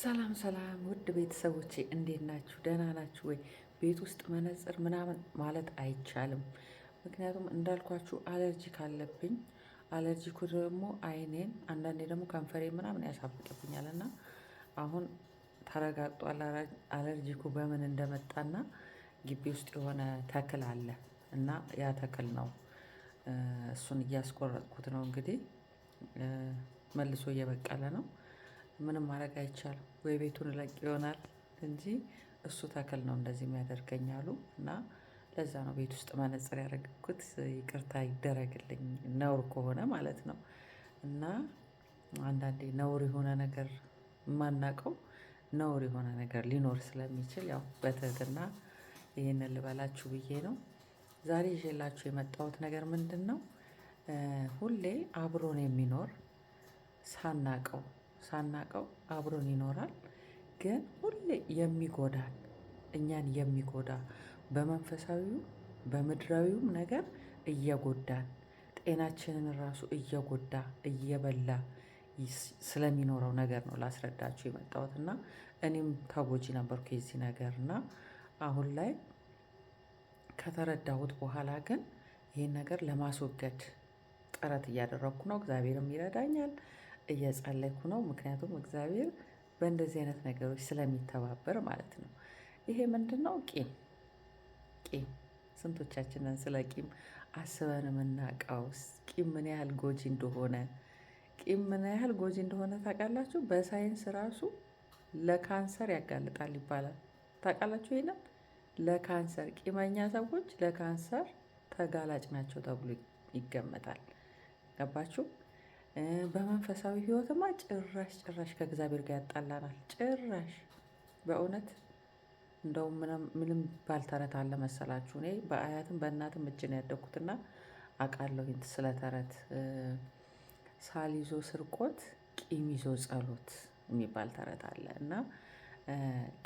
ሰላም ሰላም ውድ ቤተሰቦቼ እንዴት ናችሁ? ደህና ናችሁ ወይ? ቤት ውስጥ መነጽር ምናምን ማለት አይቻልም። ምክንያቱም እንዳልኳችሁ አለርጂ ካለብኝ አለርጂኩ ደግሞ አይኔን፣ አንዳንዴ ደግሞ ከንፈሬ ምናምን ያሳብቅብኛል እና አሁን ተረጋግጧል አለርጂኩ በምን እንደመጣና ግቢ ውስጥ የሆነ ተክል አለ እና ያ ተክል ነው እሱን እያስቆረጥኩት ነው እንግዲህ መልሶ እየበቀለ ነው ምንም ማድረግ አይቻልም። ወይ ቤቱን ለቅ ይሆናል እንጂ እሱ ተክል ነው እንደዚህ የሚያደርገኝ አሉ እና ለዛ ነው ቤት ውስጥ መነጽር ያደረግኩት። ይቅርታ ይደረግልኝ፣ ነውር ከሆነ ማለት ነው። እና አንዳንዴ ነውር የሆነ ነገር የማናውቀው ነውር የሆነ ነገር ሊኖር ስለሚችል ያው በትህትና ይህንን ልበላችሁ ብዬ ነው። ዛሬ ይዤላችሁ የመጣሁት ነገር ምንድን ነው? ሁሌ አብሮን የሚኖር ሳናቀው ሳናቀው አብሮን ይኖራል። ግን ሁሌ የሚጎዳን እኛን የሚጎዳ በመንፈሳዊው በምድራዊውም ነገር እየጎዳን ጤናችንን ራሱ እየጎዳ እየበላ ስለሚኖረው ነገር ነው ላስረዳችሁ የመጣሁት እና እኔም ተጎጂ ነበርኩ የዚህ ነገር እና አሁን ላይ ከተረዳሁት በኋላ ግን ይህን ነገር ለማስወገድ ጥረት እያደረግኩ ነው። እግዚአብሔርም ይረዳኛል። እየጸለይኩ ነው። ምክንያቱም እግዚአብሔር በእንደዚህ አይነት ነገሮች ስለሚተባበር ማለት ነው። ይሄ ምንድን ነው? ቂም ቂም። ስንቶቻችንን ስለ ቂም አስበን የምናውቀው? ቂም ምን ያህል ጎጂ እንደሆነ ቂም ምን ያህል ጎጂ እንደሆነ ታውቃላችሁ? በሳይንስ ራሱ ለካንሰር ያጋልጣል ይባላል። ታውቃላችሁ ይህንም? ለካንሰር ቂመኛ ሰዎች ለካንሰር ተጋላጭ ናቸው ተብሎ ይገመታል። ገባችሁ? በመንፈሳዊ ህይወትማ ጭራሽ ጭራሽ ከእግዚአብሔር ጋር ያጣላናል። ጭራሽ በእውነት እንደውም ምንም ባልተረት አለ መሰላችሁ። እኔ በአያትም በእናትም እጅ ነው ያደግኩትና አውቃለሁ ስለ ተረት። ሳል ይዞ ስርቆት፣ ቂም ይዞ ጸሎት የሚባል ተረት አለ እና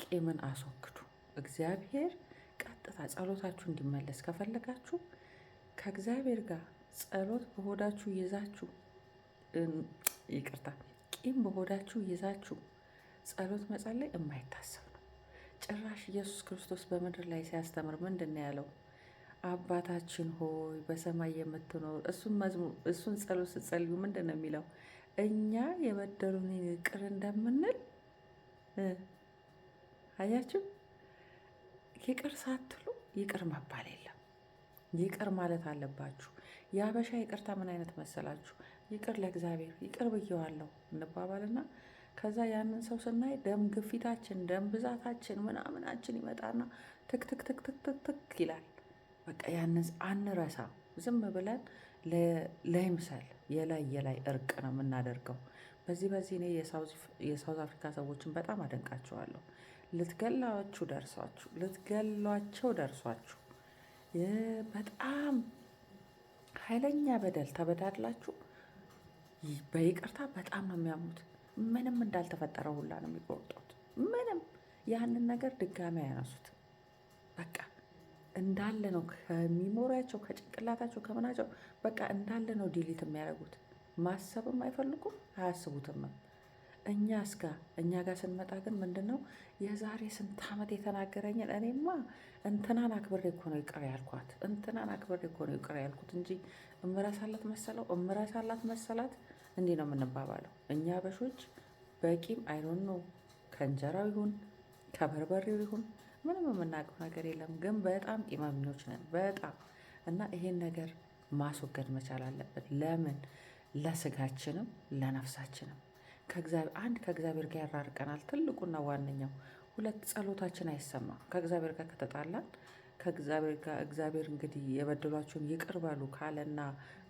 ቂምን አስወግዱ። እግዚአብሔር ቀጥታ ጸሎታችሁ እንዲመለስ ከፈለጋችሁ ከእግዚአብሔር ጋር ጸሎት በሆዳችሁ ይዛችሁ ይቅርታ ቂም በሆዳችሁ ይዛችሁ ጸሎት መጸለይ የማይታሰብ ነው። ጭራሽ ኢየሱስ ክርስቶስ በምድር ላይ ሲያስተምር ምንድን ነው ያለው? አባታችን ሆይ በሰማይ የምትኖር እሱን መዝሙር እሱን ጸሎት ስትጸልዩ ምንድን ነው የሚለው? እኛ የበደሉን ይቅር እንደምንል አያችሁ። ይቅር ሳትሉ ይቅር መባል የለም። ይቅር ማለት አለባችሁ። የአበሻ ይቅርታ ምን አይነት መሰላችሁ? ይቅር ለእግዚአብሔር ይቅር ብዬዋለሁ እንባባልና ከዛ ያንን ሰው ስናይ ደም ግፊታችን፣ ደም ብዛታችን ምናምናችን ይመጣና ትክ ይላል። በቃ ያንን አንረሳ። ዝም ብለን ለይምሰል የላይ የላይ እርቅ ነው የምናደርገው። በዚህ በዚህ እኔ የሳውዝ አፍሪካ ሰዎችን በጣም አደንቃቸዋለሁ። ልትገላችሁ ደርሷችሁ ልትገሏቸው ደርሷችሁ በጣም ኃይለኛ በደል ተበዳድላችሁ በይቅርታ በጣም ነው የሚያምኑት። ምንም እንዳልተፈጠረ ሁላ ነው የሚቆርጡት። ምንም ያንን ነገር ድጋሚ አያነሱት። በቃ እንዳለ ነው ከሚሞሪያቸው፣ ከጭንቅላታቸው፣ ከምናቸው በቃ እንዳለ ነው ዲሊት የሚያደርጉት። ማሰብም አይፈልጉም አያስቡትም። እኛ እስጋ እኛ ጋር ስንመጣ ግን ምንድን ነው የዛሬ ስንት ዓመት የተናገረኝን እኔማ እንትናን አክብሬ እኮ ነው ይቅር ያልኳት፣ እንትናን አክብሬ እኮ ነው ይቅር ያልኩት እንጂ እምረሳላት መሰለው እምረሳላት መሰላት እንዲህ ነው የምንባባለው እኛ አበሾች በቂም አይሮን ነው ከእንጀራው ይሁን ከበርበሬው ይሁን ምንም የምናውቀው ነገር የለም፣ ግን በጣም ቂመኞች ነን በጣም እና ይሄን ነገር ማስወገድ መቻል አለብን። ለምን ለስጋችንም ለነፍሳችንም አንድ ከእግዚአብሔር ጋር ያራርቀናል፣ ትልቁና ዋነኛው። ሁለት ጸሎታችን አይሰማም ከእግዚአብሔር ጋር ከተጣላን ከእግዚአብሔር ጋር እግዚአብሔር እንግዲህ የበደሏችሁን ይቅር በሉ ካለና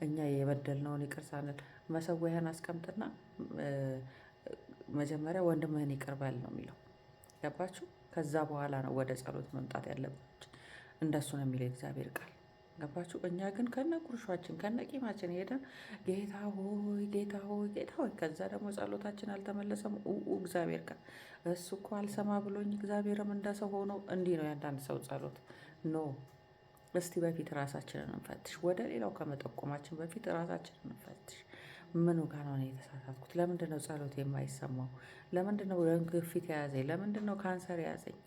እኛ የበደልነውን ይቅር ሳንል መሰዊያህን አስቀምጥና መጀመሪያ ወንድምህን ይቅር በል ነው የሚለው። ገባችሁ? ከዛ በኋላ ነው ወደ ጸሎት መምጣት ያለባችሁ። እንደሱ ነው የሚለው እግዚአብሔር ቃል። ገባችሁ? እኛ ግን ከነ ቁርሿችን ከነ ቂማችን ሄደን ጌታ ሆይ፣ ጌታ ሆይ፣ ጌታ ሆይ። ከዛ ደግሞ ጸሎታችን አልተመለሰም። ኡ እግዚአብሔር ቃል እሱ እኮ አልሰማ ብሎኝ እግዚአብሔርም እንደሰው ሆኖ እንዲህ ነው ያንዳንድ ሰው ጸሎት ኖ እስቲ በፊት ራሳችንን እንፈትሽ። ወደ ሌላው ከመጠቆማችን በፊት ራሳችንን እንፈትሽ። ምኑ ጋር ነው የተሳሳትኩት? ለምንድነው ነው ጸሎት የማይሰማው? ለምንድነው ነው ግፊት የያዘኝ? ለምንድነው ነው ካንሰር የያዘኝ?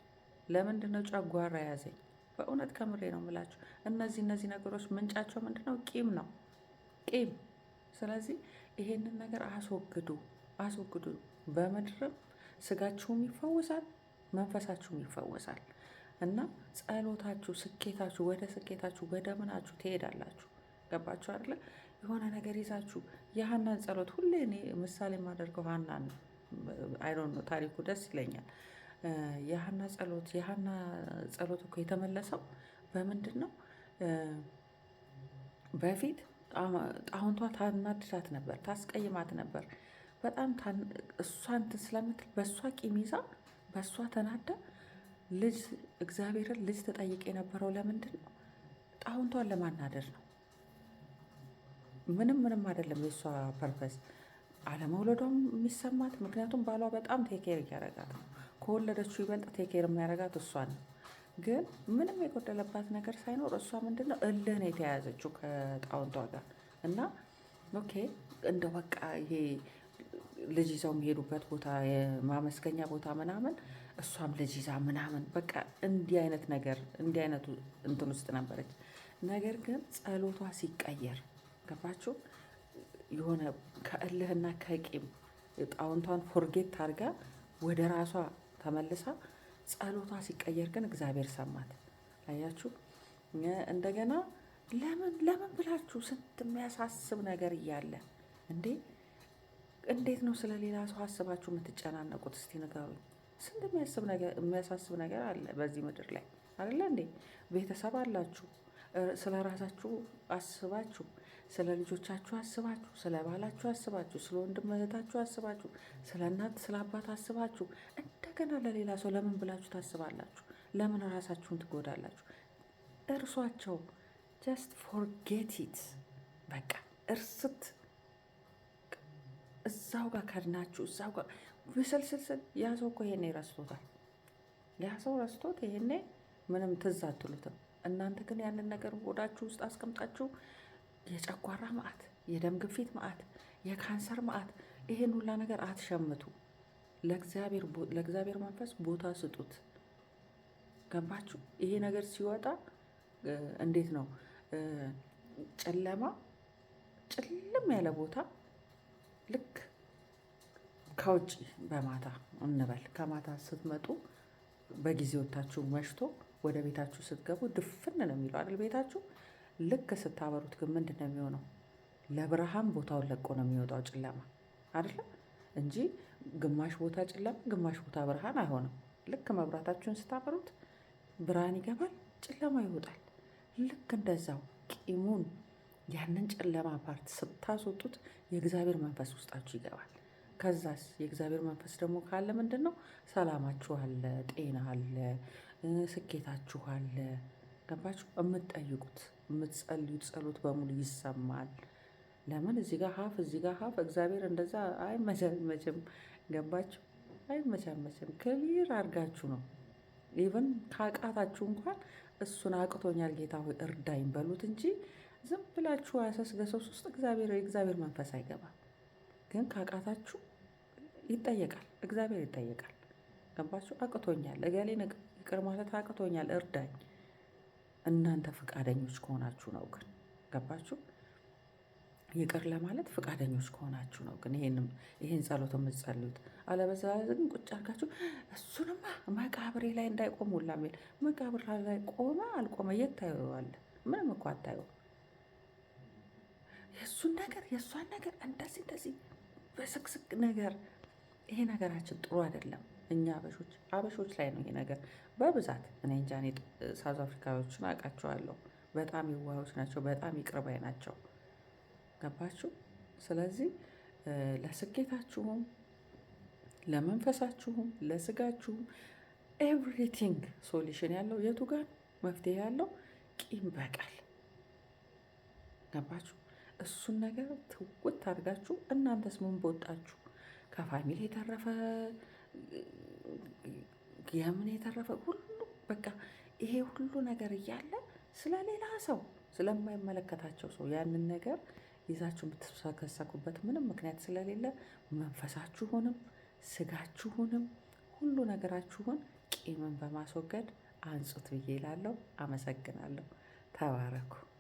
ለምንድነው ነው ጨጓራ የያዘኝ? በእውነት ከምሬ ነው የምላችሁ። እነዚህ እነዚህ ነገሮች ምንጫቸው ምንድነው ነው? ቂም ነው ቂም። ስለዚህ ይሄንን ነገር አስወግዱ፣ አስወግዱ። በምድርም ስጋችሁም ይፈወሳል፣ መንፈሳችሁም ይፈወሳል። እና ጸሎታችሁ፣ ስኬታችሁ ወደ ስኬታችሁ ወደ ምናችሁ ትሄዳላችሁ። ገባችሁ አይደለ? የሆነ ነገር ይዛችሁ የሀናን ጸሎት ሁሌ እኔ ምሳሌ የማደርገው ሀናን አይሮን ነው። ታሪኩ ደስ ይለኛል። የሀና ጸሎት የሀና ጸሎት እኮ የተመለሰው በምንድን ነው? በፊት ጣሁንቷ ታናድዳት ነበር፣ ታስቀይማት ነበር። በጣም እሷ እንትን ስለምትል በእሷ ቂም ይዛ በእሷ ተናዳ ልጅ እግዚአብሔርን ልጅ ተጠይቅ የነበረው ለምንድን ነው? ጣውንቷን ለማናደር ነው። ምንም ምንም አይደለም የእሷ ፐርፐስ አለመውለዷም የሚሰማት ምክንያቱም ባሏ በጣም ቴኬር እያረጋት ነው። ከወለደችው ይበልጥ ቴኬር የሚያረጋት እሷ ነው። ግን ምንም የጎደለባት ነገር ሳይኖር እሷ ምንድነው ነው የተያያዘችው ከጣውንቷ ጋር እና ኦኬ እንደ በቃ ይሄ ልጅ ይዘው የሚሄዱበት ቦታ የማመስገኛ ቦታ ምናምን እሷም ልጅ ይዛ ምናምን በቃ እንዲህ አይነት ነገር እንዲህ አይነቱ እንትን ውስጥ ነበረች። ነገር ግን ጸሎቷ ሲቀየር ገባችሁ የሆነ ከእልህና ከቂም ጣውንቷን ፎርጌት አድርጋ ወደ ራሷ ተመልሳ ጸሎቷ ሲቀየር ግን እግዚአብሔር ሰማት። አያችሁ እንደገና ለምን ለምን ብላችሁ ስንት የሚያሳስብ ነገር እያለ እንዴ እንዴት ነው ስለ ሌላ ሰው አስባችሁ የምትጨናነቁት? እስቲ ንገሩኝ። ስንት የሚያሳስብ ነገር አለ በዚህ ምድር ላይ አይደለ እንዴ? ቤተሰብ አላችሁ። ስለ ራሳችሁ አስባችሁ፣ ስለ ልጆቻችሁ አስባችሁ፣ ስለ ባላችሁ አስባችሁ፣ ስለ ወንድም እህታችሁ አስባችሁ፣ ስለ እናት ስለ አባት አስባችሁ፣ እንደገና ለሌላ ሰው ለምን ብላችሁ ታስባላችሁ? ለምን ራሳችሁን ትጎዳላችሁ? እርሷቸው። ጀስት ፎርጌት ኢት በቃ እርስት እዛው ጋር ከድናችሁ እዛው ጋር ብስልስልስል ያ ሰው እኮ ይሄኔ ረስቶታል። ያ ሰው ረስቶት ይሄኔ ምንም ትዝ አትሉትም። እናንተ ግን ያንን ነገር ወዳችሁ ውስጥ አስቀምጣችሁ የጨጓራ መዓት፣ የደም ግፊት መዓት፣ የካንሰር መዓት፣ ይሄን ሁላ ነገር አትሸምቱ። ለእግዚአብሔር መንፈስ ቦታ ስጡት። ገባችሁ? ይሄ ነገር ሲወጣ እንዴት ነው ጨለማ ጭልም ያለ ቦታ ልክ ከውጭ በማታ እንበል ከማታ ስትመጡ በጊዜ መሽቶ ወደ ቤታችሁ ስትገቡ ድፍን ነው የሚለው አይደል? ቤታችሁ ልክ ስታበሩት ግን ምንድን ነው የሚሆነው? ለብርሃን ቦታውን ለቆ ነው የሚወጣው ጨለማ አይደለ እንጂ ግማሽ ቦታ ጨለማ፣ ግማሽ ቦታ ብርሃን አይሆንም። ልክ መብራታችሁን ስታበሩት ብርሃን ይገባል፣ ጨለማ ይወጣል። ልክ እንደዛው ቂሙን ያንን ጨለማ ፓርት ስታስወጡት የእግዚአብሔር መንፈስ ውስጣችሁ ይገባል። ከዛስ የእግዚአብሔር መንፈስ ደግሞ ካለ ምንድን ነው ሰላማችሁ አለ፣ ጤና አለ፣ ስኬታችሁ አለ። ገባችሁ? የምትጠይቁት የምትጸልዩት ጸሎት በሙሉ ይሰማል። ለምን እዚህ ጋር ሀፍ እዚህ ጋር ሀፍ እግዚአብሔር እንደዛ አይመቻመችም። ገባችሁ? አይመቻመችም። ክሊር አድርጋችሁ ነው ኢቨን ካቃታችሁ እንኳን እሱን አቅቶኛል ጌታ ሆይ እርዳኝ በሉት እንጂ ዝም ብላችሁ አሰስገሰስ ውስጥ እግዚአብሔር የእግዚአብሔር መንፈስ አይገባም። ግን ካቃታችሁ ይጠየቃል፣ እግዚአብሔር ይጠየቃል። ገባችሁ? አቅቶኛል፣ እገሌን ይቅር ማለት አቅቶኛል፣ እርዳኝ። እናንተ ፈቃደኞች ከሆናችሁ ነው ግን ገባችሁ? ይቅር ለማለት ፈቃደኞች ከሆናችሁ ነው ግን ይሄንም ይሄን ጸሎት የምትጸልዩት። አለበዛ ግን ቁጭ አርጋችሁ እሱንማ መቃብሬ ላይ እንዳይቆም ሁላ የሚል መቃብር ላይ ቆመ አልቆመ የት ታየዋለህ? ምንም እኮ አታየው። የእሱን ነገር የእሷን ነገር እንደዚህ እንደዚህ በስቅስቅ ነገር ይሄ ነገራችን ጥሩ አይደለም። እኛ አበሾች አበሾች ላይ ነው ይሄ ነገር በብዛት እኔ እንጃ። እኔ ሳውዝ አፍሪካዎችን አውቃቸዋለሁ። በጣም የዋሆች ናቸው። በጣም ይቅር ናቸው። ገባችሁ? ስለዚህ ለስኬታችሁም፣ ለመንፈሳችሁም፣ ለስጋችሁም ኤቭሪቲንግ ሶሉሽን ያለው የቱ ጋር መፍትሄ ያለው ቂም በቀል ገባችሁ? እሱን ነገር ትውት አድርጋችሁ እናንተስ ምን በወጣችሁ? ከፋሚሊ የተረፈ የምን የተረፈ ሁሉ በቃ ይሄ ሁሉ ነገር እያለ ስለ ሌላ ሰው ስለማይመለከታቸው ሰው ያንን ነገር ይዛችሁ የምትሰከሰኩበት ምንም ምክንያት ስለሌለ መንፈሳችሁንም ስጋችሁንም ሁሉ ነገራችሁን ቂምን በማስወገድ አንጹት ብዬ እላለሁ። አመሰግናለሁ። ተባረኩ።